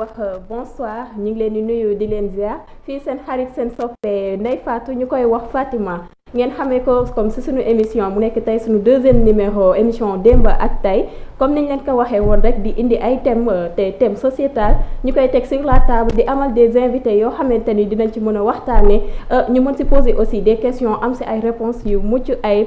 wax euh, bonsoir ñu ngi leen di nuyu di leen ziar fii seen xarit seen soppe Ndeye Fatou ñu koy wax Fatima ngeen xamee ko comme si suñu émission mu nekk tey suñu deuxième numéro émission démb ak tey comme ni ñu leen ko waxee woon rek di indi ay thème euh, te thème sociétal ñu koy teg si la table di amal des invités yoo xamante ni dinañ ci mën a waxtaanee euh, ñu mën si poser aussi des question am si ay réponses yu mucc ayib.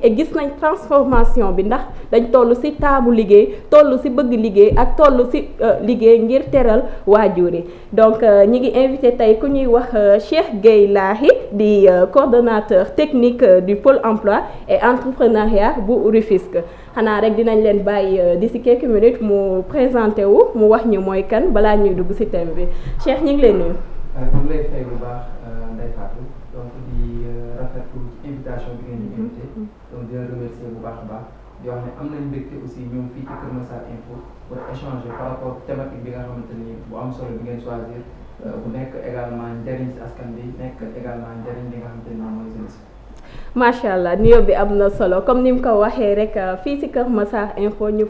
et gis nañ transformation bi ndax dañ tollu ci table liggéey tollu ci bëgg liggéey ak tollu ci euh, liggéey ngir téral wajuri donc euh, ñi ngi invité tay ku ñuy wax euh, Cheikh Gueye Lahi di coordonnateur technique du pôle emploi et entrepreneuriat bu Rufisque xana rek dinañ leen bàyyi d'ici quelques minutes mu présenté wu mu wax ñu mooy kan balaa ñuy dugg ci thème bi Cheikh ñu ngi leen nuyu. ñu ngi lay fay bu baax Ndeye Fatou donc di rafetlu invitation bi leen remercier bu baax a baax di wax ne am nañ mbégte aussi ñoom fii ci Kër Massar Info pour échanger par rapport thématique bi nga xamante ni bu am solo bi ngeen choisir euh, bu nekk également njëriñ si askan bi nekk également njëriñ li nga xamante ni mooy jeunesse Masha'Allah, allah bi solo comme nim ko waxee rek euh, fi ci Kër Info ñu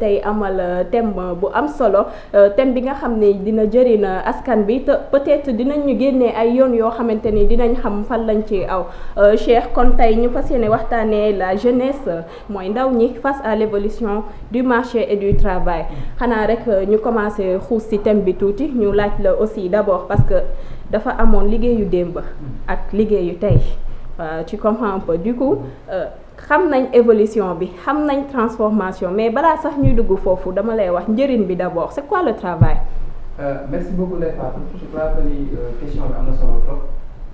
tay amal euh, thème euh, bu am solo thème bi nga dina askan bi te peut-être dinañ ñu génné ay yoon yo qui dinañ xam Cheikh kon la jeunesse moy ndaw face à l'évolution du marché et du travail xana rek ñu commencé who ci thème bi touti ñu laaj la aussi d'abord parce que dafa amoon you demba ak liggéeyu tay euh, tu comprends un peu du coup euh, xam nañ évolution bi xam la transformation mais balaa sax ñuy dugg je dama lay wax njëriñ bi d'abord c'est quoi le travail. Euh, merci beaucoup les Fatou je crois que les questions bi solo trop.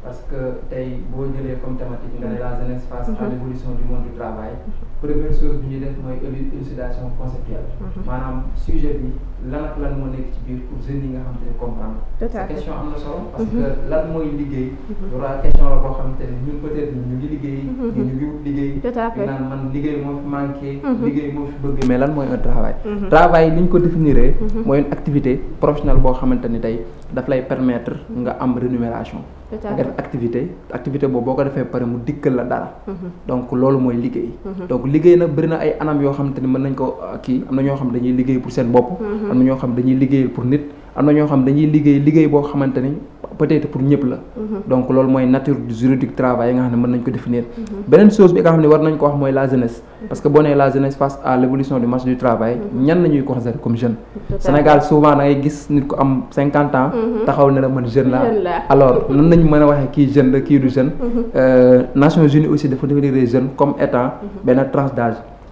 parce que tey boo jëlee comme thématique nga ne la jeunesse face à l'évolution du monde du travail première chose bi ñuy def mooy élucidation conceptuelle mm-hmm. maanaam sujet bi lan lan moo nekk ci biir pour jeunes yi nga xam te ne comprendre sa question am na solo parce mm-hmm. que lan mooy liggéey mm-hmm. loolu question la boo xam te ne ñun peut-être ñu ngi liggéey ñu ngi wut liggéey ñu naan man liggéey moo fi manqué liggéey moo fi bëgg mais lan mooy un travail travail li ñu ko définiree mooy une boo xamante ni tey daf lay permettre nga am rémunération nga def activité activité boobu boo ko defee pare mu dikkal la dara mhm. donc loolu mooy liggéey mhm. donc liggéey nag bëri na ay anam yoo xamante ne mën nañ ko euh, kii am na ñoo xam dañuy liggéey pour seen bopp mhm. am na ñoo xam dañuy liggéey pour nit am na ñoo xam dañuy liggéey liggéey boo xamante ni peut-être pour ñëpp la. Mhm. donc loolu mooy nature juridique travail yi nga xam ne mën nañ ko définir. Mhm. beneen chose bi nga xam ne war nañ ko wax mooy la jeunesse. Mhm. parce que boo nee la jeunesse face à l' évolution du marché du travail ñan la ñuy comme jeune. Sénégal souvent da gis nit ko am cinquante ans. taxaw ne la man jeune la alors nan nañ mën a waxee kii jeune la kii du jeune. Euh, Nations Unies aussi dafa devenir des jeunes comme étant benn tranche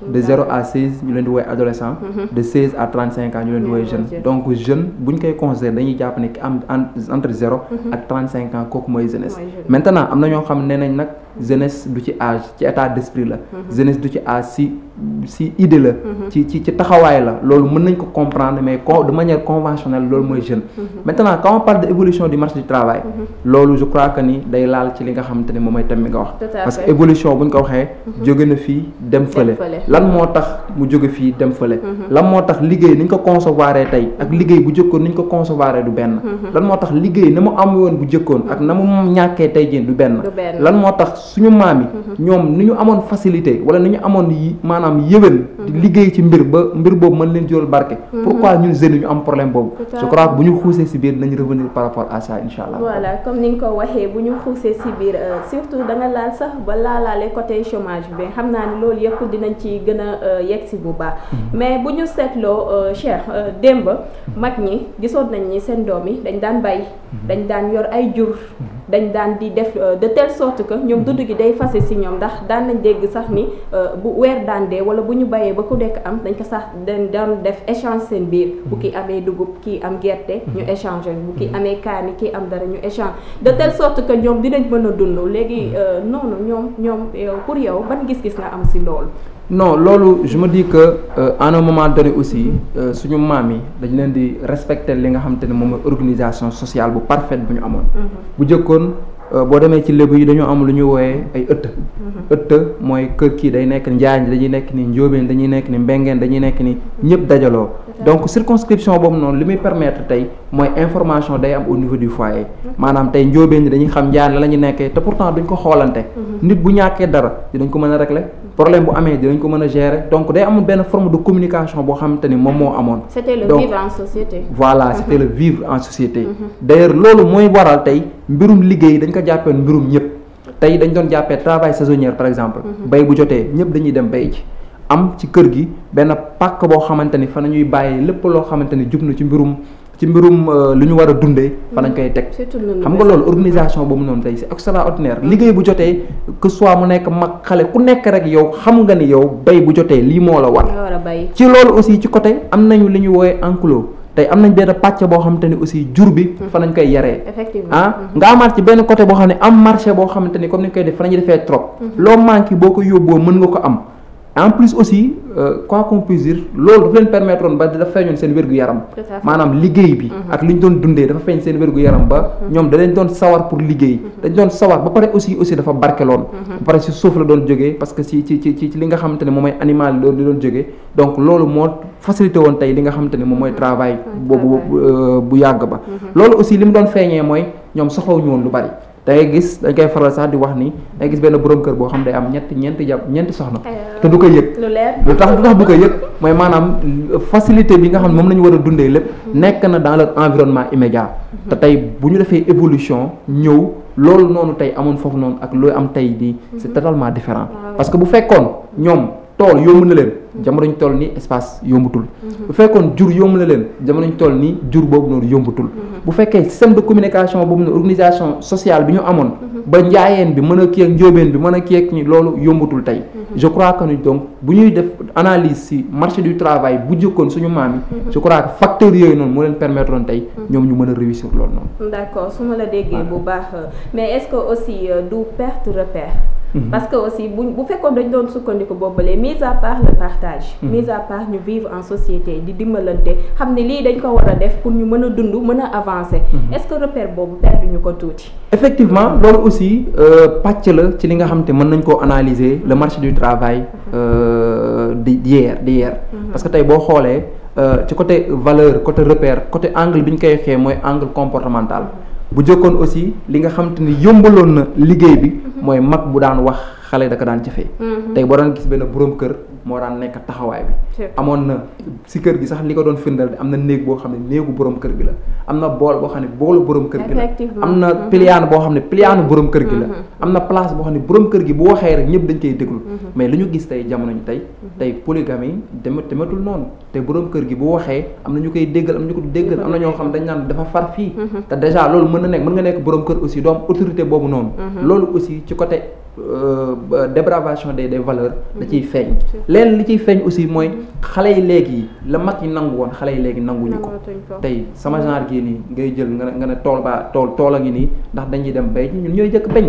de 0 à 16 ñu leen di mhm. de 16 à 35 ans ñu leen di donc les jeunes koy dañuy jàpp ne entre 0 et 35 ans kooku mooy jeunesse maintenant am na ñoo xam ne nañ nag jeunesse du ci âge ci état d'esprit la mhm. jeunesse du ci âge si si idée la mhm. ci ci ci taxawaay la loolu mën nañ ko comprendre mais de manière conventionnelle loolu mooy jeune maintenant quand on parle d'évolution du marché du travail loolu je crois que ni day laal ci li nga xamante ne moom nga wax parce que évolution bu ñu ko waxee jóge na fii dem lan moo tax mu joge fii dem fële. Mhm. lan moo tax liggéey ni ñu ko concevoir tey ak liggéey bu jëkkoon ni ñu ko concevoir du benn. Mhm. lan moo tax liggéey na mu am woon bu jëkkoon ak na mu ñàkkee tey jii du benn. lan moo tax suñu maam yi. Mhm. ñoom ni ñu amoon facilité wala ni ñu amoon maanaam yëwén. liggéey ci mbir ba mbir boobu mën leen jural barke. pourquoi ñun jeunes ñu am problème boobu. je crois bu ñu xuusee si biir nañu revenir par rapport à ça incha allah. voilà comme ni nga ko waxee bu ñu xuusee si biir euh, surtout ci gën a euh, yegsi bu baax mm-hmm. mais bu ñu seetloo euh, Cheikh euh, démb mm-hmm. mag ñi gisoon nañ ni seen doom yi dañ daan bay mm-hmm. dañ daan yor ay jur dañ daan di def de telle sorte que ñoom dund gi day fase si ñoom ndax daan nañ dégg sax ni bu weer daan dee wala bu ñu bayee ba ku nekk am dañ ko sax dañ daan def échange biir bu kii amee dugub kii am gerte ñu échange bu kii kaani kii am dara ñu de telle sorte que ñoom dinañ mën a dund léegi noonu ñoom ñoom pour yow ban gis-gis na am si loolu non loolu je me dis que euh, en un moment donné aussi euh, suñu maam yi dañu leen di respecter li nga xam te ne organisation sociale bu parfaite bu ñu amoon. Mm-hmm. bu jëkkoon euh, bo démé ci lebu yi dañu am lu ñu wooyee ay ëtt. Mm-hmm. ëtt moy kër ki day nekk njaañ dañuy nekk ni njóobeen dañuy nekk ni mbengeen dañuy nekk ni ñëpp dajaloo. donc circonscription boobu non li muy permettre tay moy information day am au niveau du foyer mm-hmm. Manam tay njóobeen dañuy xam njaañ la la ñu te pourtant duñ ko xoolante. nit bu ñàkkee dara dinañ ko mëna régler problème bu amé dinañ ko mëna gérer donc day amoon ben forme de communication bo xamante mom mo amone c'était le vivre en société. voilà c'était le vivre en société. d'ailleurs loolu moy waral tay mbirum liggéey dañ ko jappé mbirum ñëpp tay dañ doon jappé travail saisonnier par exemple. Mhm. bay bu joté ñëpp dañuy dem bay ci am ci kër gi ben pack bo xamante fa nañuy bayé lepp lo xamante ni ci mbirum. ci mbirum euh, lu ñu war a dundee fa lañ mm. koy teg xam nga loolu organisation boobu noonu tey c'est extraordinaire liggéey bu jotee que soit mu nekk mag xale ku nekk rek yow xam nga ni yow bay bu jotee lii moo la war ci loolu aussi ci côté am nañu li ñu wooyee enclos tey am nañ benn pàcc boo xamante ne aussi jur bi mm. fa lañ koy yaree ah mm-hmm. nga amaat ci benn côté boo xam ne am marché boo xamante ni comme ni koy def fa lañuy defee trop mm-hmm. loo manqué boo ko yóbboo mën nga ko am en plus aussi euh, quoi qu'on puisse dire lolu dafa leen permettre ba dafa feeñoon seen wergu yaram manam liggéey bi mhm. ak liñ ñu doon dundee dafa feeñ seen wergu yaram ba mhm. ñom dañ leen doon sawar pour liggéey mhm. dañ doon sawar ba paré aussi aussi dafa barkeloon ba paré ci suuf la doon jógee parce que si ci ci ci li nga xamante ne moy animal lolu li doon jógee donc lolu mo facilité woon tey li nga xamante ne moy travail bobu euh, bu yàgg ba lolu aussi li mu doon moy ñom ñoom ñu won lu bari da gis dañ koy faral sax di wax ni da gis benn borom kër boo xam day am ñetti ñeenti jàpp ñeenti soxna te du ko yëg lu tax lu tax du ko yëg mooy maanaam euh, facilité bi nga xam ne moom la ñu war a dundee lépp mhm. nekk na dans leur environnement immédiat mhm. te tey bu ñu defee évolution ñëw loolu noonu tey amoon foofu noonu ak looy am tey di mhm. c'est totalement différent parce que bu fekkoon ñoom tool yomb na leen jamono ñu toll ni espace yombutul. Mhm. bu faites jur yomb la leen jamono ñu toll ni jur boobu noonu yombutul. Mhm. bu que système de communication boobu noonu organisation sociale bi ñu amoon. Mhm. ba njaayeen bi mën a kii ak njóobeen bi mën a ak ñi yombutul tay. je crois que ni donc bu ñuy def analyse ci marché du travail bu jëkkoon suñu je crois que facteurs non, noonu moo leen permettre woon tey. ñoom ñu mën réussir loolu d'accord su la déggee bu baax mais est-ce que aussi euh, d'où perte repère. Mhm. parce que aussi bu bu fekkoon dañ doon sukkandiku boobalee mise à part le partage mhm. mise à part ñu vivre en société di dimbalante xam ne lii ko war a def pour ñu mën a dund avancer mhm. est-ce que repère boobu perdu ñu ko tuuti effectivement loolu aussi euh, pàcc la ci li nga xam te mën nañ koo analyser le marché du travail euh, d'hier d'hier parce que tey boo xoolee euh, ci côté valeur côté repère côté angle bi ñu koy waxee mooy angle comportemental bu jëkkoon aussi li nga xam te ni yëmbaloon na liggéey bi mhm. mooy mag bu daan wax xale da ko daan jëfee mhm. tey boo daan gis benn boroom kër moo daan nekk taxawaay bi amoon na si kër gi sax li ko doon firndal am na néeg boo xam ne néegu borom kër gi la am na bool boo xam ne boolu borom kër gi la am na mm-hmm. pliaan boo xam ne pliaanu borom kër gi la mm-hmm. am na place boo xam ne borom kër gi bu waxee rek ñëpp dañ koy déglu mm-hmm. mais li ñu gis tey jamono ñu tey tey polygamie demet demetul noonu te boroom kër gi bu waxee am na ñu koy déggal am na ñu ko déggal am na ñoo xam dañ naan dafa far fii te déjà loolu mën na nekk mën nga nekk borom kër aussi doo am autorité boobu noonu loolu aussi ci côté Euh, euh, dépravation des des valeurs da mhm. ci feeñ leen li ci feeñ aussi moy mhm. xale yi léegi la mag yi nangu woon xale yi léegi nanguñu ko tay sama mhm. genre gii ni ngay jël nga ne nga ne tool baa tool tool ngi nii ndax dañuy dem béy ñun ñoy jëk bañ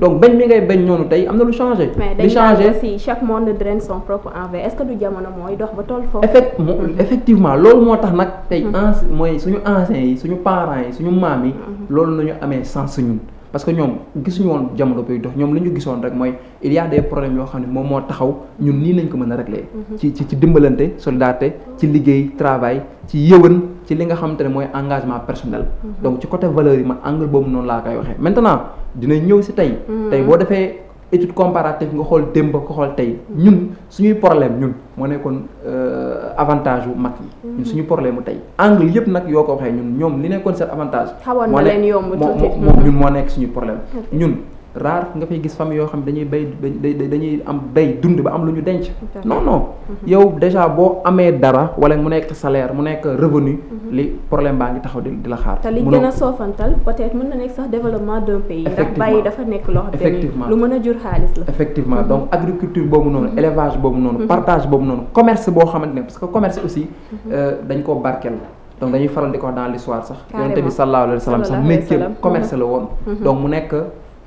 donc bañ mi ngay bañ noonu tay amna lu changer li changer si chaque monde draine son propre envers est-ce que du jamono moy dox ba tool foofu effect effectivement lool motax nak tay tey anc suñu anciens yi suñu parents yi suñu maam yi loolu nañu amé sans suñun parce que ñoom gisuñu woon jamono bay dox ñoom li ñu gisoon rek mooy il y a des yoo xam ne moom moo taxaw ñun nii nañ ko mën a régler mhm. ci ci ci dimbalante solidarité ci liggéey travail ci yëwan ci li nga xamante ne mooy engagement personnel mhm. donc ci côté valeur yi man angle boobu noonu laa koy waxee maintenant dina ñëw si tey mhm. tey boo defee étude comparative nga xol démb ko xol tay ñun euh, mhm. suñu problème ñun mo moo euh avantage bu mag yi. ñun suñu problème tay angle yëpp nak yoo ko waxee ñun ñom li nekkon cet avantage. mo na yomb tuuti ñun mo nekk suñu problème ñun rare nga fay gis fam yo xam dañuy bay dañuy am bay dund ba am luñu denc non non mhm. yow déjà bo amé dara wala mu nek salaire mu nek revenu mhm. li problème ba nga taxaw di la xaar te li gëna sofantal peut-être mën na nek sax développement d'un pays ndax bàyyi dafa nek lo xam lu mën a jur xaalis la effectivement donc mhm. agriculture bobu non élevage bobu non partage bobu non commerce bo xamantene parce que commerce aussi euh dañ ko barkel donc dañuy faral di ko dans l'histoire sax yonent bi sallallahu alayhi wa sallam sax métier commerce la won donc mu nek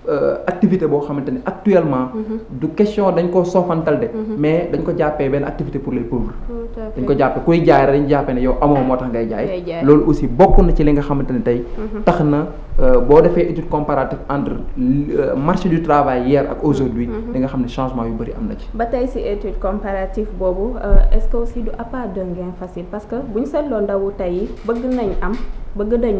Euh, activité boo xamante ne actuellement. Mhm. du question dañ koo soofantal de. Mhm. mais dañ ko jàppee benn activité pour les pauvres. dañ ko jàppee kuy jaay rek dañ jàppee ne yow amoo moo tax ngay jaay. loolu aussi bokk na ci li nga xamante ne tey. Mhm. tax na euh, boo defee étude comparative entre euh, marché du travail hier ak aujourd'hui da nga xam ne changement yu bëri am na ci. ba tey si étude comparative boobu est que aussi du appât d'un facile parce que bu ñu seetloo ndawu tey bëgg nañ am bëgg nañ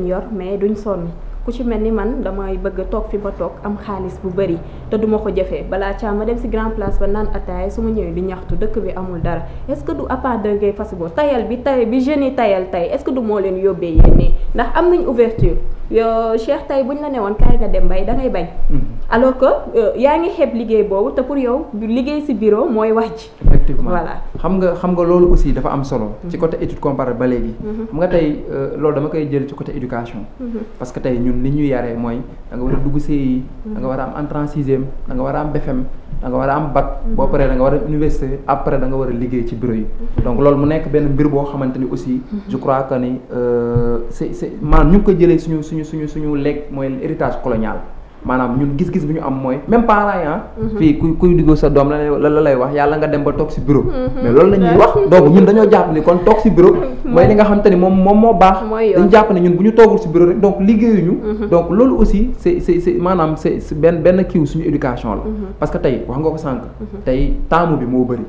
ku ci mel ni man damay bëgg toog fi ma toog am xaalis bu bëri te duma ko jafee balaa caa ma dem si grand place ba naan ataaya su ma ñëwee bi ñaxtu dëkk bi amul dara est-ce que du appart da ngay fas tayal bi tay bi jeunes yi tayal tay est-ce que du moo leen yóbbee yéen ndax am nañ ouverture yoo Cheikh tay buñ la woon kaay nga dem bay da bañ. Hmm. alors que euh, yaa ngi xeeb liggéey boobu te pour yow liggéey si bureau mooy wax ji. effectivement voilà xam nga xam nga loolu aussi dafa am solo. ci mhm. côté étude comparée ba léegi. Mhm. xam nga tey euh, loolu dama koy jël ci côté éducation. Mhm. parce que tey ñun li ñuy yaree mooy da nga war a dugg CI. da nga war a am entrée en sixième da nga war a am BFM e da nga war a am BAC. boo paree da nga war a université après da nga war a liggéey ci bureau yi. donc loolu mu nekk benn mbir boo xamante ni aussi. je crois que ni euh, c' est c' est maanaam ñu ngi jëlee suñu suñu suñu suñu mooy héritage colonial. maanaam ñun gis-gis bu ñu am mooy même parents yi ah. Mhm. fii ku kuy duggoo sa doom la la lay wax yàlla nga dem ba toog si bureau. Mhm. mais loolu la ñuy wax donc ñun dañoo jàpp ni kon toog si bureau. mooy li nga xam te moom moom moo baax. dañu jàpp ne ñun bu ñu toogul si bureau rek donc liggéeyuñu. Mhm. donc loolu aussi c' est c' maanaam c' benn benn kiiw suñu éducation la. parce que tey wax nga ko sànq. tey taamu bi moo bëri.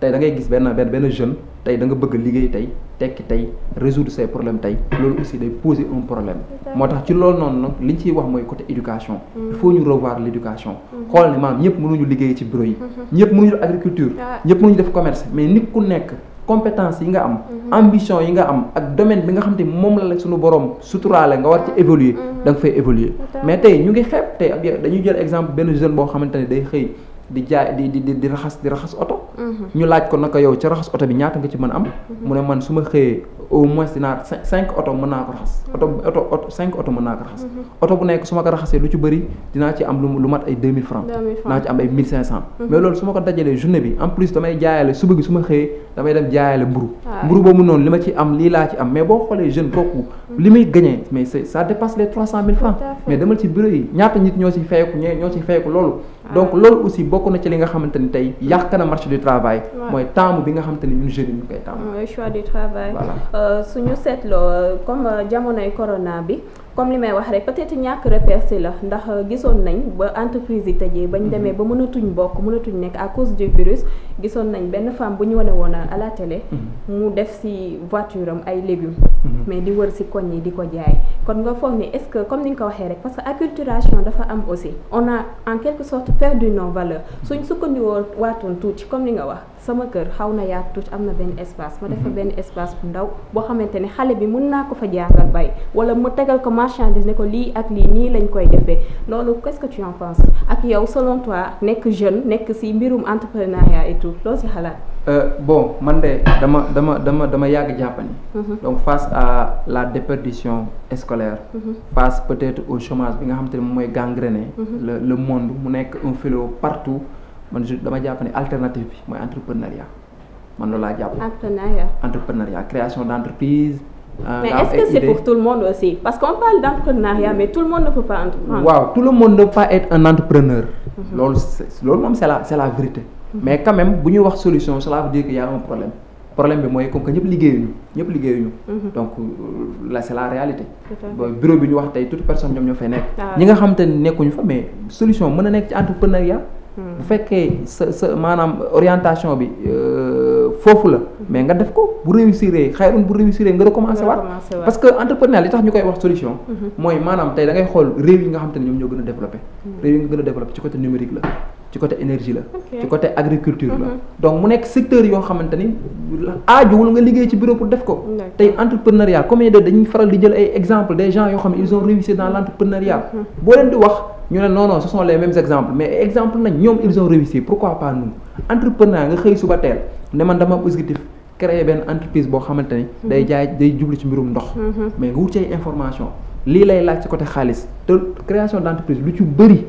tey da ngay gis benn benn benn jeune tey danga bëgg liggéey tey tekki tey résoudre ses problèmes tey loolu aussi day poser un problème moo tax ci loolu noonu nag li ñu ciy wax mooy côté éducation mm. il faut ñu revoir l' xool ne maanaam ñëpp mënuñu liggéey ci bureau yi mm-hmm. ñëpp mënuñu def agriculture ah. ñëpp mënuñu def commerce mais nit ku nekk compétence yi nga am mm-hmm. ambition yi nga am ak domaine bi nga xam te moom la la suñu borom suturaale nga war ci ah. évoluer mm-hmm. da nga fay évoluer mais tey ñu ngi xeeb tey dañuy jël exemple benn jeune boo xamante ne day xëy di jaay di di di raxas di raxas oto. Mhm. ñu laaj ko naka yow ci raxas oto bi ñaata nga ci mën am. Mhm. mu ne man su ma xëyee au moins dinaa cinq cinq oto mën naa ko raxas. Mhm. oto oto oto cinq oto mën naa ko oto bu nekk su ma ko raxasee lu ci bëri dinaa ci am lu lu mat ay deux mille francs. dinaa ci am ay mille cinq cent. mais loolu su ma ko dajalee journée bi en plus damay jaayale suba gi suma ma xëyee damay dem jaayale mburu ah. mburu boobu noonu li ma ci am lii laa ci am mais boo xoolee jeune kooku. li muy gagné mais ça dépasse les trois cent mille francs mais demal ci bureau yi ñaata nit ñoo ci fayeku ñee ñoo ci fayeku loolu ah. donc loolu aussi bokk na ci li nga xamante ni tey yàq na marché du travail mooy taamu bi nga xamante ni ñun jeunes yi ñu koy taamu choix du travail voilà euh, suñu seetloo euh, comme euh, jamonoy corona bi comme li may wax rek peut-être ñàkk repère si la ndax euh, gisoon nañ ba entreprise yi tëjee bañ mhm. demee ba mënatuñ bokk mënatuñ nekk à cause du virus gisoon nañ benn femme bu ñu wane woon à la mhm. mu def si voiture am ay légumes. Mhm. mais di wër si koñ yi di ko jaay kon nga foog ni est-ce que comme ni nga ko waxee rek parce que acculturation dafa am aussi on a en quelque sorte du nos valeurs suñ sukkandi waatoon tuuti comme li nga wax. sama kër xaw na yaatu tuuti am na benn espace ma defa mhm. benn espace bu ndaw boo xamante ne xale bi mun naa ko fa jàngal bay wala mu tegal ko marchandise ne ko lii ak lii nii lañ koy defee loolu qu'est-ce que tu en penses ak yow selon toi nekk jeune nekk si mbirum entrepreneuriat et tout loolu si xalaat. Euh, bon man de dama dama dama dama yàgg jàppani mhm. donc face à la déperdition scolaire mhm. face peut-être au chômage bi nga xam te ne mooy le le monde mu nekk un fléau partout man je dama vous dire alternative bi entrepreneuriat man entrepreneuriat entrepreneuriat création d'entreprise. Euh, mais est-ce que c'est pour tout le monde aussi parce qu'on parle d'entrepreneuriat mais tout le monde ne peut pas entreprendre. entrepreneur. tout le monde ne peut pas être un entrepreneur. Mhm. c'est la vérité. Mhm. mais quand même buñu wax solution cela veut dire qu'il y a un problème le problème bi mooy comme que ñëpp liggéeyuñu ñëpp liggéeyuñu. Mhm. donc euh, là c'est la réalité. bureau bi ñu wax tey toute personne ñoom ñoo fay nekk. Ah. ñi nga fa mais solution mën na nekk ci entrepreneuriat. bu fekkee sa sa maanaam orientation bi euh, foofu la mais nga def ko bu réussir xayrun bu réussir nga recommencer waat parce que entrepreneur li tax ñu koy wax solution mhm. mooy maanaam tey da ngay xool réew nga xam te ne ñoom ñoo gën a développé mhm. réew nga gën a développé ci côté numérique la ci côté énergie la ci côté agriculture la mhm. donc mu nekk secteur yoo xamante ni aajuwul nga liggéey ci bureau pour def ko tey entrepreneuriat combien de dañuy faral di jël ay exemple des gens yoo xam ne ils ont réussi dans l' entrepreneuriat mhm. boo leen di wax ñu ne non non ce sont les mêmes exemples mais exemple nañ ñoom ils ont réussi pourquoi pas nous entrepreneur nga xëy suba teel ne man dama am objectif créer benn entreprise boo xamante ni mhm. day jaay day ci mbirum ndox mais nga wut ci information lii lay laaj ci côté xaalis te création d' ci bëri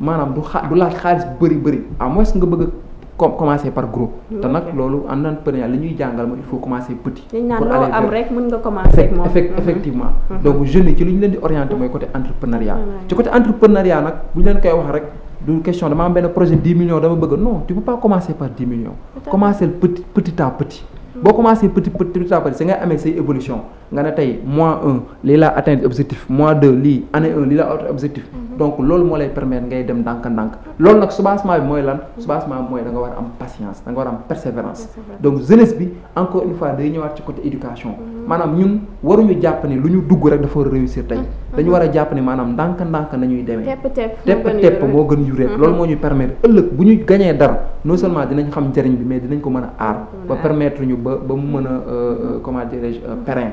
maanaam du xa du laaj xaalis bëri bëri à moins nga bëgg commencer par groupe. te nag loolu entrepreneur li ñuy jàngal mooy il faut commencer petit. pour aller am rek mën nga commencer ak moom mhm. effectivement. Mhm. donc jeunes yi ci li ñu leen di orienter mooy côté entrepreneuriat. ci côté entrepreneuriat nag bu ñu leen koy wax rek. du question dama am benn projet 10 millions dama bëgg non tu peux pas commencer par 10 millions. commencer petit petit à petit. Mhm. boo commencer petit petit à petit si ngay say évolution. nga ne tey mois un lii laa objectif mois deux lii année un lii laa atteindre objectif mhm. donc loolu moo lay permettre ngay dem ndànk-ndànk loolu nag soubassement bi mooy lan mhm. soubassement bi mooy da war a am patience da war a am persévérance donc jeunesse bi encore une fois day ñëwaat ci côté éducation mhm. maanaam ñun waruñu jàpp ni lu ñu dugg rek dafa war a réussir tey dañu war a jàpp ne maanaam ndànk-ndànk nañuy demee tepp tepp moo gën yu réet loolu moo ñuy permettre ëllëg bu ñu gañee dara non seulement dinañ xam njëriñ bi mais dinañ ko mën a aar ba permettre ñu ba ba mu mën a euh, euh, comment dirais-je euh, périn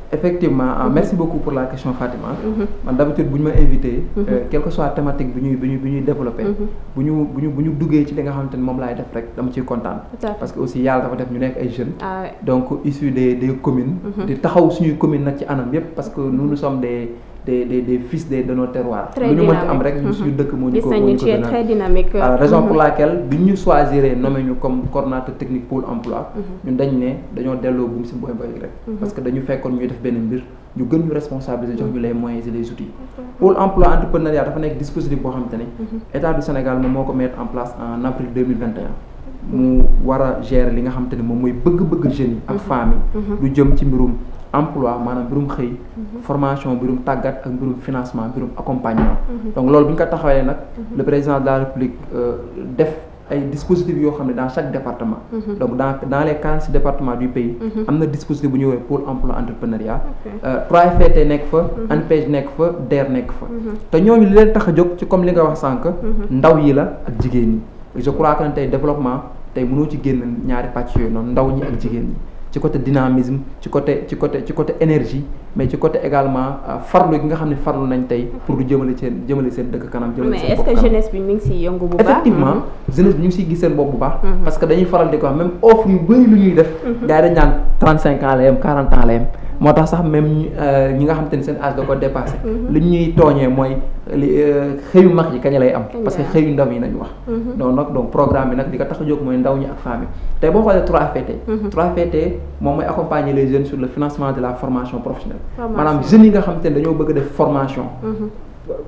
effectivement ah, mhm. merci beaucoup pour la question Fatima. Mhm. man d'habitude bu ñu ma invité. Mhm. Euh, quelle que soit thématique bi ñuy bi ñuy bi ñuy développé. bu ñu bu ñu bu ñu ci li nga def rek dama parce que aussi yàlla dafa def ñu nekk ay jeunes. Ah donc issus des des communes. di taxaw suñuy communes nag ci anam yépp parce que nous nous sommes des des fils de de nos terroirs. raison mhm. pour laquelle si nous de nous comme coordonnateur technique pour emploi. Mhm. nous sommes ne mhm. parce que nous faisons comme def benn Nous sommes gën ñu responsabiliser jox les moyens et les outils. Pour emploi entrepreneuriat dafa avons dispositif du Sénégal mettre en place en avril 2021. Nous gérer li nga mooy bëgg-bëgg jeunes emploi manam mbirum xey mhm. formation mbirum tagat ak mbirum financement mbirum accompagnement mhm. donc loolu buñ ko taxawee nak mhm. le président de la république euh, def ay dispositifs yo xamné dans chaque département donc dans dans les quarante départements du pays amna na dispositif bu ñu woowee pôle emploi entrepreneuriat 3FPT euh, nek fa ANPEJ nek fa DER nek fa te ñooñu li leen taxaj jog ci comme li nga wax sank ndaw yi la ak jigéen yi je crois que ne développement tay mënoo ci génn ñaari patch yooyu non ndaw ñi ak jigéen yi ci côté dynamisme ci côté ci côté ci côté énergie mais ci côté également euh, farlu gi nga xamni ne farlu nañ tay pour du jëmale seen jëmale seen dëkk kanam jëmale seen mais est ce que jeunesse bi mi ngi siy yëngu bu baax effectivement jeunesse bi ñu ngi siy gis seen bu baax mhm. parce que dañuy faral di ko wax même offre yu bari lu ñuy def mhm. gars yi dañ naan trente ans la yem quarante ans la yem moo tax sax même euh, ñi nga xam te ni seen âge da ko dépassé. Mm-hmm. li ñuy tooñee mooy li euh, xëyu mag yi kañ lay am. parce que xëyu ndaw yi nañu wax. Mm-hmm. donc nag donc programme bi nag li ko tax a jóg mooy ndaw ñi ak femmes yi tey boo xoolee 3FPT. 3FPT mm-hmm. moom mooy accompagner les jeunes sur le financement de la formation professionnelle. maanaam jeunes yi nga xam te ne dañoo bëgg def formation.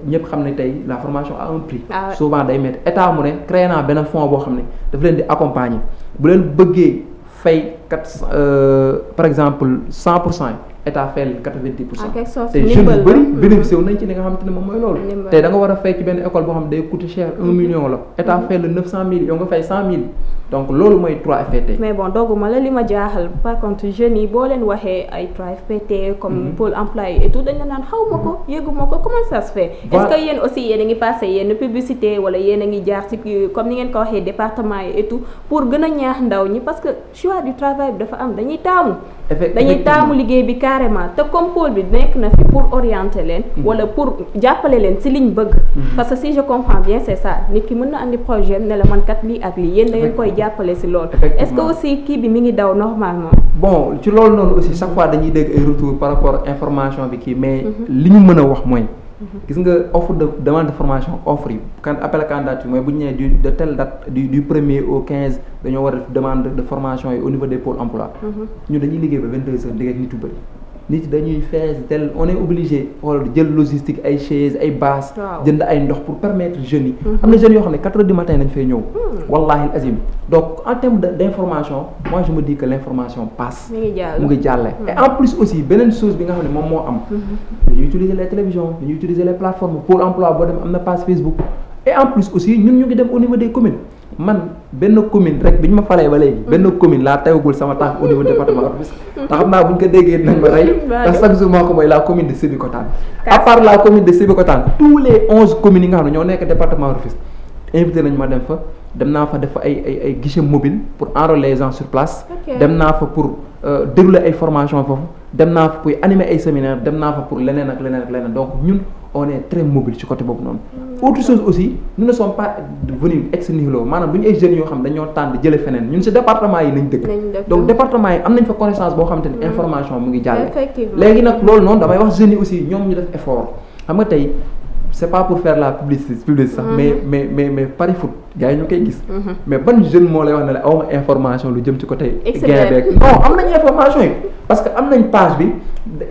ñëpp xam ne tey la formation a un prix. Ah souvent day métti état mu ne créé naa benn fonds boo xam ne daf leen di accompagner bu leen bëggee. fay quatre euh, par exemple cent pour cent yi état fait 90 pour cent ah, te jeunes yu bëri bénéficié wu ci li nga xamante ne moom mooy loolu da nga wara fay ci ben école bo xam day coûter cher 1 mm-hmm. million la état fayal la 900000 yo nga fay 100000 donc lolu moy 3FPT. mais bon doguma la lima ma jaaxal par contre jeunes yi boo leen waxee ay 3FPT. comme mm-hmm. pôle emploi et tout dañ la nan xawmako ma ko mm-hmm. yëguma comment ça se fait. est-ce que yéen aussi yéen a ngi passé yenn publicité wala yéen a ngi jaar ci comme ni ngeen ko waxé département et tout pour gëna a ñaax ndaw ñi parce que choix du travail bi dafa am dañuy taamu. dañuy taamu liggéey bi carrément te compole pôle bi nek na fi pour orienter len mhm. wala pour jàppale len si liñ bëgg. Mhm. parce que si je comprends bien c'est ça nit ki mën na andi projet am ne la man kat lii ak li yéen da ngeen koy jàppale si loolu. est ce que aussi ki bi mi ngi daw normalement. bon ci loolu non aussi chaque fois dañuy dégg ay retour par rapport information bi ki mais. Mhm. liñ ñu mën a wax mooy. gis nga offre de demande de formation offre yi kan appel candidature mooy bu ñu de telle date du du premier au 15, dañoo war a demande de formation yi au niveau des pôles emploi. ñu dañuy liggéey ba 22 deux heures liggéey ak nit yu bëri nit dañuy fees tel on est obligé pour jël logistique ay chaise ay basse jënd ay ndox pour permettre jeunes yi mhm. am na jeunes yoo xam ne quatre heures du matin dañ fay ñëw hmm. wallahi azim donc en terme d'information moi je me dis que l'information passe mu ngi hmm. et en plus aussi beneen chose bi nga xam ne moom moo am mhm. dañuy utiliser les télévisions dañuy utiliser les plateformes pour emploi boo dem am na page Facebook et en plus aussi ñun ñu ngi dem au niveau des communes man benn commune rek bi ñu ma falee ba léegi. Mm. benn commune laa tayagul sama tànk au niveau département Rufisque. Mm. te xam naa bu ñu ko déggee dinañ ma rey. ndax chaque jour maa ko mooy la commune de Sébikotane. à part la commune de Sébikotane tous les onze communes yi nga xam ñoo nekk département Rufisque. invité nañ ma dem fa dem naa fa def ay ay ay guichet mobile pour enrôler les gens sur place. dem naa fa pour euh, dérouler ay formation foofu. dem naa fa pour animer ay séminaire dem naa fa pour leneen ak leneen ak leneen donc ñun. on est très mobile sur côté boobu non autre chose aussi nous ne sommes pas devenus ex nihilo maanaam du ay jeunes yo xam dañoo tande jëlé fenen ñun ci département yi lañ dëkk. donc département yi am nañ fa connaissance bo xamante mm. information mu ngi jàlle légui nak lool non damay wax jeune aussi ñom ñu def effort xam nga tay c'est pas pour faire la publicité publicité sax. Mm-hmm. mais mais mais mais pari foot gars ñu koy gis. Mm-hmm. mais ban jeune mo lay wax na la awma information lu jëm ci côté. gain beeg non am nañ information yi. parce que am nañ page bi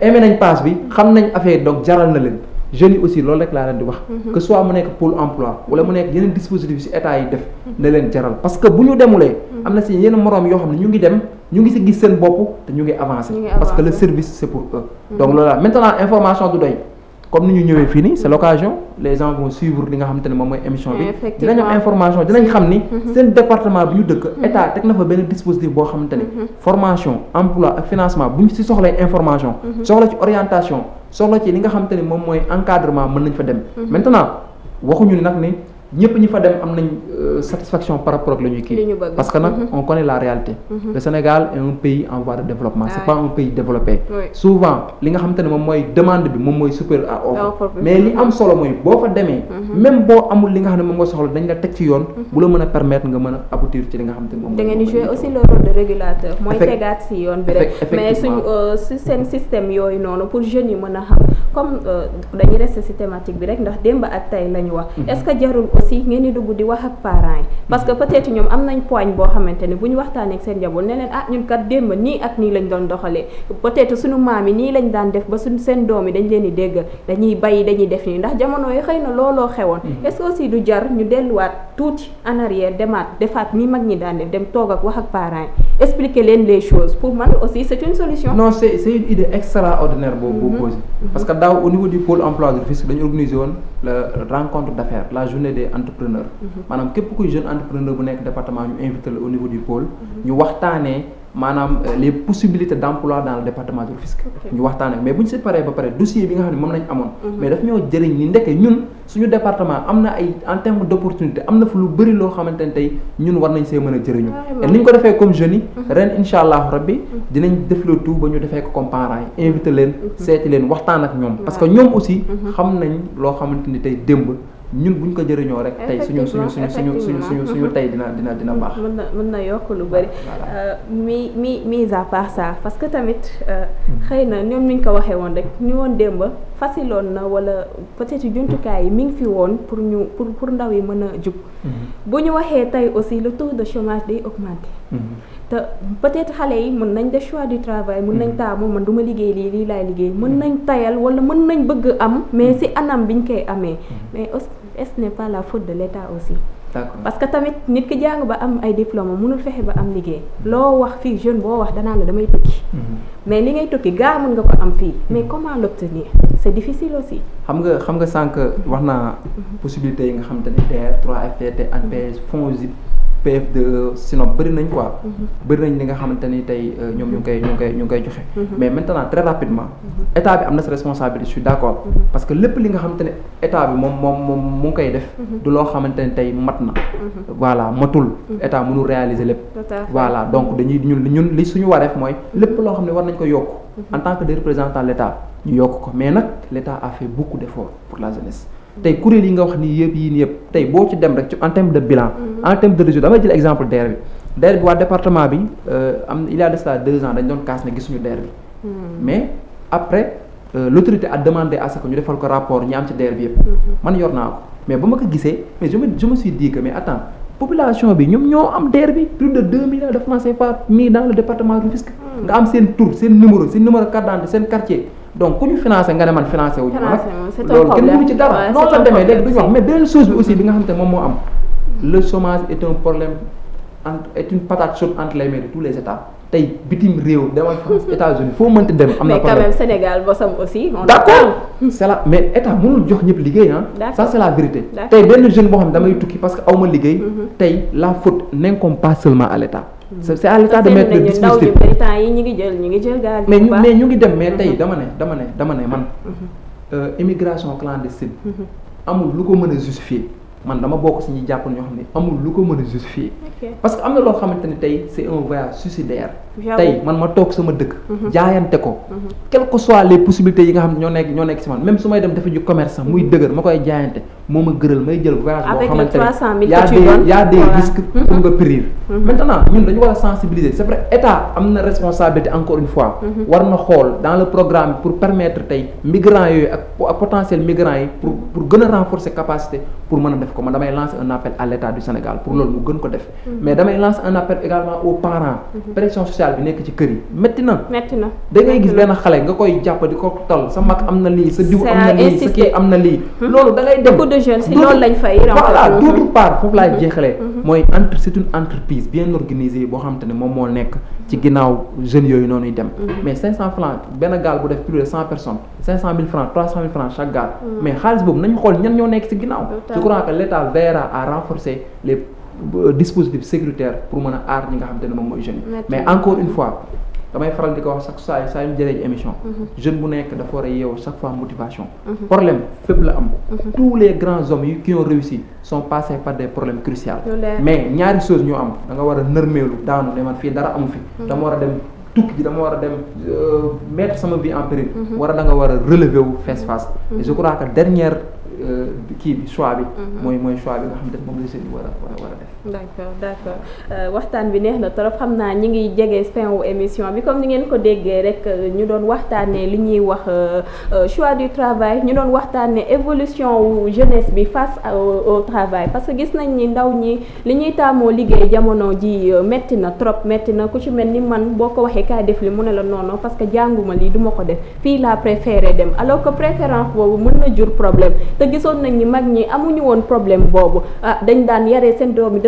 aimé nañ page bi xam nañ affaire donc jaral na leen je yi aussi loolu rek laa leen di wax. Mhm. que soit mu nekk pour emploi wala mu nekk yeneen dispositif si état yi def. na leen jaral parce que bu ñu demulee. Mhm. am na si yenn moroom yoo xam ne ñu ngi dem ñu ngi si gis seen bopp te ñu ngi avancé. parce que le service c'est pour eux. Mhm. donc loolu la maintenant information du doy. comme ni ñu ñëwee fii nii c' les gens vont suivre li nga xamante ne moom mooy émission bi. dinañ am information dinañ xam ni. département bi ñu dëkk. état teg na fa dispositif boo xamante formation emploi ak financement bu ñu si soxlay information. soxla ci orientation. soxla ci li nga xamante ne moom mooy encadrement mën nañ fa dem. Mhm. maintenant waxuñu ni nag ni ñëpp ñi fa dem am nañ euh, satisfaction par rapport ak la kii parce que nag mhm. on connaît la réalité mhm. le Sénégal est un pays en voie de développement c'est ah pas un pays développé souvent li nga xamante ne moom mooy demande bi moom mooy super à offre mais li am solo mooy boo fa demee mhm. même boo amul li nga xam ne moom nga soxla dañ la teg ci yoon bu la mën a permettre nga mën a aboutir ci li nga xamante ne moom da ngeen di jouer aussi le rôle de régulateur mooy tegaat si yoon bi rek mais suñu euh, si seen système yooyu noonu pour jeunes yi mën a xam comme euh, dañuy rester si thématique bi rek ndax démb ak tey la ñu wax est-ce que jarul aussi ngeen di dugg di wax ak parents yi parce que mm-hmm. peut ñoom am nañ poigne boo xamante ne bu ñu waxtaanee ak seen njaboot ne leen ah ñun kat démb nii ak nii lañ doon doxalee peut-être suñu maam yi nii lañ daan def ba suñ seen doom yi dañ leen di dégg dañuy bàyyi dañuy def nii ndax jamono yi xëy na looloo xewoon mm-hmm. est-ce que aussi du jar ñu delluwaat tuuti en arrière demaat defaat mii mag ñi daan def dem toog ak wax ak parents yi Expliquez les les choses pour moi aussi c'est une solution. non c'est une idée extraordinaire que vous posez. parce que au niveau du pôle emploi de Rufisque dañu une la rencontre d'affaires la journée des entrepreneurs. Mhm. maanaam que jeunes jeune entrepreneur bu nekk département ñu invité au niveau du pôle. Mhm. ñu waxtaanee manam euh, les possibilités d'emploi dans le département du fisc ñu waxtaan mais bu ñu si ba paré dossier bi nga xam mom moom nañ amoon mhm. mais daf ñoo jëriñ ni ndeké ñun suñu département amna ay en terme d' amna am fu lu bëri lo xamante tay ñun war nañ see mëna jëriñu et ni ko défé comme jeunes yi mhm. ren insha rabbi mhm. dinañ def le tout ba ñu défé ko comme parents Inviter invité leen seeti leen waxtaan ak ñom parce que ñom aussi xam nañ lo xamante tay demb ñun buñ ko jëriñoo rek tey suñu suñu suñu suñu suñu suñu suñu tey dina dina dina baax. mën na mën na yokk lu bari euh, mi mi mise à part ça parce que tamit euh, hmm. xëy na ñoom ni ñu ko waxee woon rek ni woon démb faciloon na wala peut-être jumtukaay yi mi ngi fi woon pour ñu pour pour ndaw yi mën a jub. Hmm. bu ñu waxee tey aussi le taux de chômage day augmenté. Hmm. te peut-être xale yi mën nañ def choix du travail mun nañ taamu man du ma liggéey lii lii laay liggéey mën nañ tayal wala mën nañ bëgg am mais si anam biñ koy amee est-ce n'est pas la faute de l'État aussi parce que tamit nit ki jang ba am ay diplôme mënul fexé ba am liggéey lo wax fi jeune bo wax dana la damay tukki mhm. mais li ngay tukki ga mën nga ko am fi mais mhm. comment l'obtenir c'est difficile aussi xam nga xam nga sank waxna mhm. possibilité yi nga xam tane DR 3FPT ANPEJ fonds PF2 sinon bëri nañ quoi. Mhm. bëri nañ li nga xamante tay ñom euh, ñoom ñu ngi koy ñu joxe. Mhm. mais maintenant très rapidement. Mhm. état bi amna sa responsabilité je suis d'accord parce que lepp li nga xamante état bi mom mom mom mu ngi koy def. du lo xamante tay matna voilà matul. état mënul réaliser lepp voilà donc dañuy ñun ñun li suñu wareef mooy lépp loo xam ne war nañ ko yokk. en tant que des représentants l' l'État ñu yokk ko mais nak l'état a fait beaucoup d'efforts pour la jeunesse. tey kuréel yi nga wax nii yëpp yii yëpp tey boo ci dem rek en terme de bilan mhm. en terme de résultat damay jël exemple DER bi DER bi waa département bi euh, am il y a de deux ans dañ doon kaas ne gisuñu DER bi mhm. mais après euh, l'autorité a demandé à ce que ñu defal ko rapport ñi am ci DER bi yëpp mhm. man yor naa ko mais ba ma ko gisee mais je me je me mais attends population bi ñoom ñoo am DER bi plus de deux millions de francs CFA mis dans donc ku ñu financé nga ne man financé wu ñu. financé loolu kenn mënu ci dara. noonu la demee léegi du ñu mais beneen chose bi aussi bi nga xam te moom moo am. Hmm. le chômage est un problème est une patate chaude entre les mains tous les États. tey bitim réew demal France États-Unis foo mënti dem. am na problème mais quand même Sénégal bosam aussi. d' accord c' est la mais état mënul jox ñëpp liggéey ah. ça c'est la vérité. tey benn jeune boo xam ne damay tukki parce que aw ma liggéey. Mm-hmm. tey la faute n' incombe pas seulement à l'état. c'est à l'état de mettre ngi jël ñu ngi jël gaal mais mais ñu ngi dem mais tey mm-hmm. dama ne dama ne dama ne man mm-hmm. euh, immigration clandestine mm-hmm. amul lu ko mën a fii man dama bokk si ñuy jàpp ñoo xam ne amul lu ko mën a fii parce que am na loo xamante ni tey c'est un voyage suicidaire Tay, man ma toog sama dëkk mhm. jaayante ko mhm. quel que soit les possibilités yi nga xam ñoo nekk ñoo nekk si man même su may dem dafa ju commerce sax muy mhm. dëgër ma koy jaayante moo ma gëral may jël voyage boo xamante ne y a des y a des risques pour nga périr maintenant ñun dañu war a sensibiliser c'est vrai état am na responsabilité encore une fois war na dans le programme pour permettre tey migrants yooyu ak potentiel migrants yi pour pour gën renforcer capacité pour mën a def ko man damay lancer un appel à l'état du Sénégal pour loolu mu gën ko def mais damay lancer un appel également aux parents pression sociale sociale bi nekk ci kër yi métti na. métti na da ngay gis benn xale nga koy jàpp di ko tal sa mag am na lii sa diw am na lii sa kii am na lii. Hmm? loolu da ngay de jeunes si loolu lañ fay. voilà d'autre part hmm. foofu laay hmm. jeexalee. mooy entre c'est entreprise bien organisée boo xam te ne moom moo nekk ci ginnaaw jeunes yooyu noonu dem. mais 500 francs benn gaal bu def plus de 100 personnes 500 000 francs 300 000 francs chaque gaal. mais xaalis boobu nañu Euh, dispositif sécuritaire pour mën art aar ñi nga xam te ne jeune mais encore une fois damay faral di de wax chaque fois ça une ñu jëlee émission mhm. jeune bu nekk dafa war a yeewu chaque fois motivation mhm. problème faible la am mhm. tous les grands hommes qui ont réussi sont passés par des problèmes cruciaux mais ñaari chose ñoo am da nga war a nërmeelu daanu ne man dara amu fi dama war a dem tout ji dama war a dem euh, mettre sa vie en péril wara a da nga relever wu face face et je crois que dernière kii bi choix bi. Mm-hmm. mooy mooy choix bi nga xam ne moom la seen war a war a war a def. d' accord d' accord euh, waxtaan bi neex na trop xam naa ñi ngi jege fin wu émission bi comme ni ngeen ko déggee rek euh, ñu doon waxtaanee li ñuy wax euh, choix du travail ñu doon waxtaan waxtaanee évolution wu jeunesse bi face au travail parce que gis nañ ni ndaw ñi li ñuy taamoo liggéey jamono ji metti na trop metti na ku ci mel ni man boo ko waxee kaay def li mu ne la noonu parce que jànguma lii duma ko def fii laa préféré dem alors que préférence boobu mën na jur problème te gisoon nañ ni mag ñi amuñu woon problème boobu ah,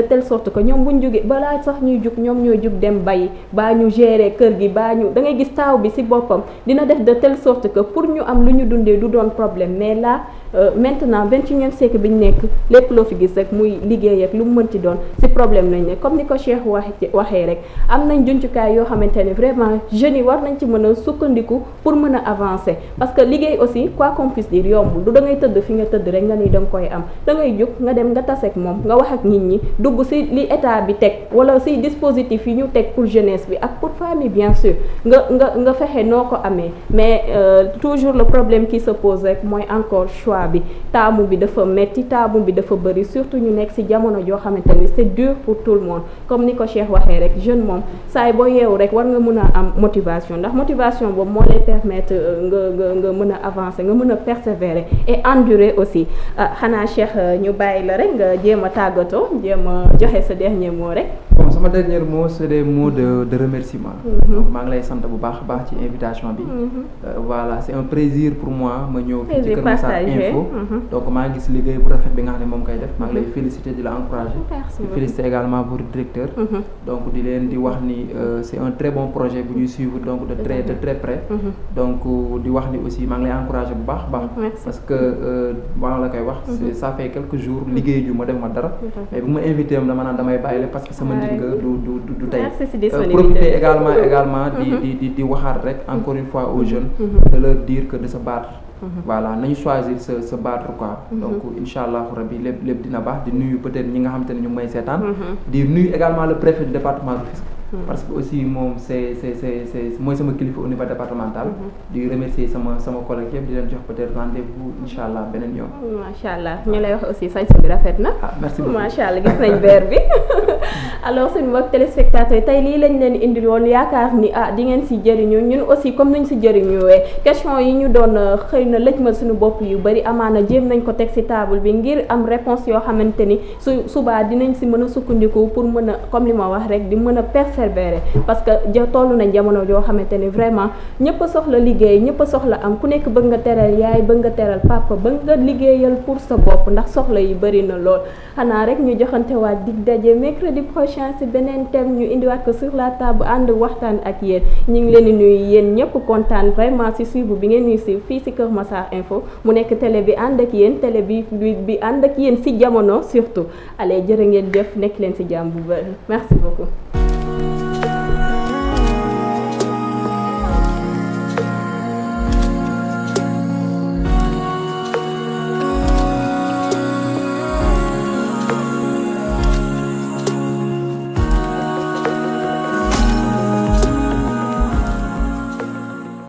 telle sorte que ñoom buñ jógee balaa sax ñuy jug ñoom ñoo jug dem bay baa ñu gérer kër gi baa ñu da ngay gis taaw bi ci boppam dina def de telle sorte que pour ñu am lu ñu dundee du doon problème mais là euh, maintenant vingt et unième siècle bi ñu nekk lépp loo fi gis rek muy liggéey ak lu mu mën ci doon ci problème lañ ne comme ni ko Cheikh waxee waxee rek am nañ juncukaay yoo xamante ne vraiment jeunes yi war nañ ci mën a sukkandiku pour mën a avancer parce que liggéey aussi quoi qu'on puisse dire da ngay tëdd fi nga tëdd rek nga ni da koy am dem nga moom nga wax ak nit ñi yóbbu si li état bi teg wala si dispositif yi ñu teg pour jeunesse bi ak pour famille bien sûr nga nga nga fexe noo ko amee mais euh, toujours le problème qui se pose rek mooy encore choix bi taamu bi dafa metti taamu bi dafa bëri surtout ñu nekk si jamono joo xamante c'est dur pour tout le monde comme ni ko Cheikh waxee rek jeune moom saay boo yeewu rek war nga mën a am motivation ndax motivation boobu moo lay permettre euh, nga nga nga mën a avancer nga mën persévérer et endurer aussi ah, xanaa Cheikh euh, ñu bàyyi la rek nga jéem a tàggatoo jéem a joxe sa dernier mot rek. bon sama dernier mot c'est des mots de de remerciement. donc maa mhm. ngi lay sant bu baax a baax ci invitation bi. voilà mhm. eh, c'est un plaisir pour moi eh. mhm. ma ñëw fii ci Kër Moussa Info. donc maa ngi gis liggéey bu rafet bi nga xam ne moom ngay def maa ngi lay féliciter di la encourager. di féliciter également votre directeur. donc di leen di wax ni euh, c'est un très bon projet bu ñuy suivre donc de très de très près. donc euh, di wax ni aussi maa ngi lay encourager bu baax a baax. parce que euh, maa la koy wax. ça fait quelques jours liggéey ju ma def ma dara. mais bu ma yam dama naan damay bàyyi parce que sama nit nga du du du du tey euh, profiter également également di mm-hmm. di di di waxaat rek encore une fois aux mm-hmm. jeunes mm-hmm. de leur dire que de se battre voilà nañu choisir se se battre quoi donc insha allahu rabi lépp lépp dina baax di nuyu peut être ñi nga xamante ñu may seetaan di nuyu également le préfet du département de Rufisque Mm-hmm. parce que aussi moom c' est c' est c' c' mooy sama kilifa au niveau départemental. Mm-hmm. di remercier sama sama collègue yëpp di leen jox peut être rendez vous inshallah benen beneen yoon. macha allah ñu lay wax aussi sañ bi rafet na. ah merci beaucoup macha allah gis nañ beer bi. alors suñu mbokk téléspectateurs tay li lañ leen indi won yaakaar ni ah di ngeen ci jëriñu ñun aussi comme ci si jëriñuwee question yi ñu doon euh, xeyna na ma suñu bop yu bari amana jëm nañ ko tek ci table bi ngir am réponse yo xamanteni suba su subaa dinañ si mën a pour mëna comme li ma wax rek di mëna percer réverbéré parce que ja toll nañ jamono joo xamante ni vraiment ñëpp soxla liggéey ñëpp soxla am ku nekk bëgg nga teral yaay bëgg nga teral papa bëgg nga liggéeyal pour sa bopp ndax soxla yi bëri na lool xanaa rek ñu joxantewaat waat dig daje crédit prochain ci beneen thème ñu indiwaat ko sur la table ànd waxtaan ak yéen ñu ngi leen di nuyu yéen ñëpp kontaan vraiment ci suivre bi ngeen ñuy suivre fii ci Kër Massar Info mu nekk télé bi ànd ak yéen télé bi bi ànd ak yéen ci jamono surtout allez jërë ngeen jëf nekk leen ci jàmm bu bëri